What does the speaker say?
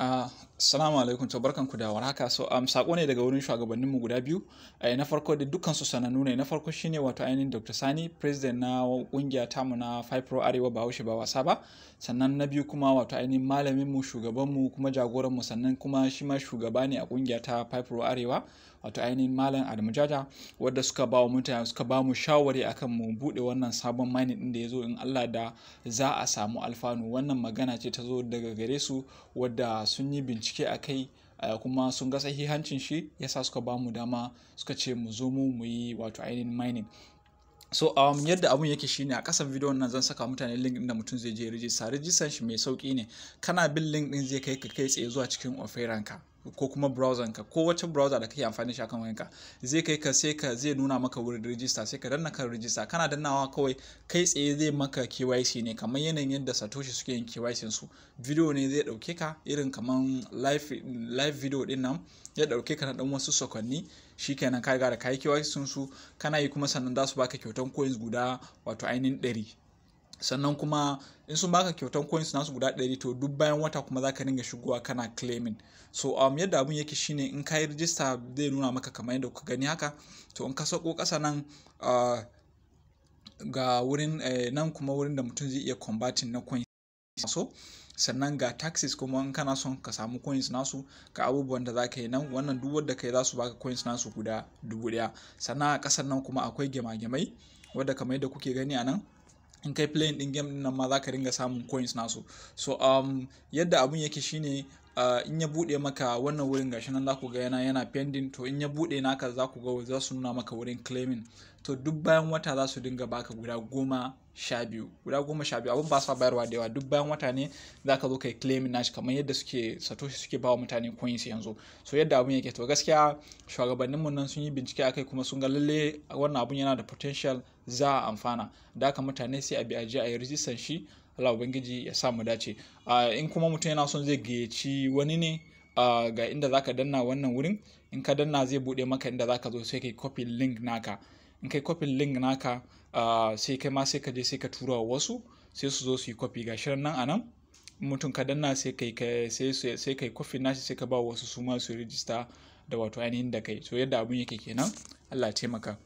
Uh, Assalamu alaikum to barkanku da warhaka so um, sako ne daga wurin shugabannin mu guda biyu eh, na farko da dukkan su sanannu ne na farko shine wato ainihin Dr. Sani president na kungiya mu na pro Arewa Bahaushe ba wasa ba sannan na biyu kuma wato ainihin malamin mu shugaban mu kuma jagoran mu sannan kuma shi ma shugaba ne a kungiya ta pro Arewa wato ainihin malam Adamu Jaja wanda suka ba mutane suka ba mu shawari akan mu bude wannan sabon mining din da yazo in Allah da za a samu alfanu wannan magana ce ta zo daga gare su wadda sun yi bincike bincike a kai kuma sun ga sahihancin shi yasa suka bamu dama suka ce mu zo mu mu yi wato ainihin mining so um, yadda abun yake shine a kasan video nan zan saka mutane link din da mutum zai je rijista rijistan shi mai sauki ne kana bin link ɗin zai kai ka kai tsaye zuwa cikin ofiranka. ko kuma browser ka ko wacce browser da kake amfani da shi akan wayanka zai kai ka sai ka zai nuna maka wurin rijista sai ka danna kan rijista kana dannawa kawai kai tsaye zai maka KYC ne kamar yanayin yadda Satoshi suke yin KYC su video ne zai dauke ka irin kamar live live video din nan ya dauke ka na dan wasu sakonni shikenan ka ga da kai KYC sun su kana yi kuma sannan za su baka kyautan coins guda wato ainihin 100 sannan kuma in sun baka kyautan coins nasu guda ɗari to duk bayan wata kuma zaka ringa shigowa kana claiming so um, yadda abun yake shine in ka yi rijista zai nuna maka kamar yadda kuka gani haka to in ka sauko ƙasa nan uh, ga wurin eh, nan kuma wurin da mutum zai iya combating na coins so sannan ga taxes kuma in kana son ka samu coins nasu ga abubuwan da zaka yi nan wannan duk wanda kai za su baka coins nasu guda dubu ɗaya sannan a ƙasar nan kuma akwai gyama-gyamai wadda kamar yadda kuke gani a nan in kai playing din game din nan ma ka ringa samun coins nasu so um, yadda abun yake shine Ah, in ya bude maka wannan wurin gashi nan zaku ga yana yana pending to in ya bude naka zaku ga za su nuna maka wurin claiming to duk bayan wata za su dinga baka guda goma sha biyu guda goma sha biyu abin ba sa bayarwa da yawa duk bayan wata ne za ka zo kai claiming nashi kamar yadda suke satoshi suke bawa mutane coins yanzu so yadda abin yake to gaskiya mu nan sun yi bincike akai kuma sun ga lalle wannan abun yana da potential za a amfana da haka mutane sai a bi a je a yi rijistan shi Allah ubangiji ya sa mu dace in kuma mutum yana son zai gayyaci wani ne ga inda zaka danna wannan wurin in ka danna zai bude maka inda zaka zo sai kai copy link naka in kai copy link naka sai kai ma sai ka je sai ka tura wasu sai su zo su yi copy shirin nan anan mutum ka danna sai kai sai sai kai copy nashi sai ka ba wasu su ma su register da wato ainihin da kai so yadda abun yake kenan Allah ya taimaka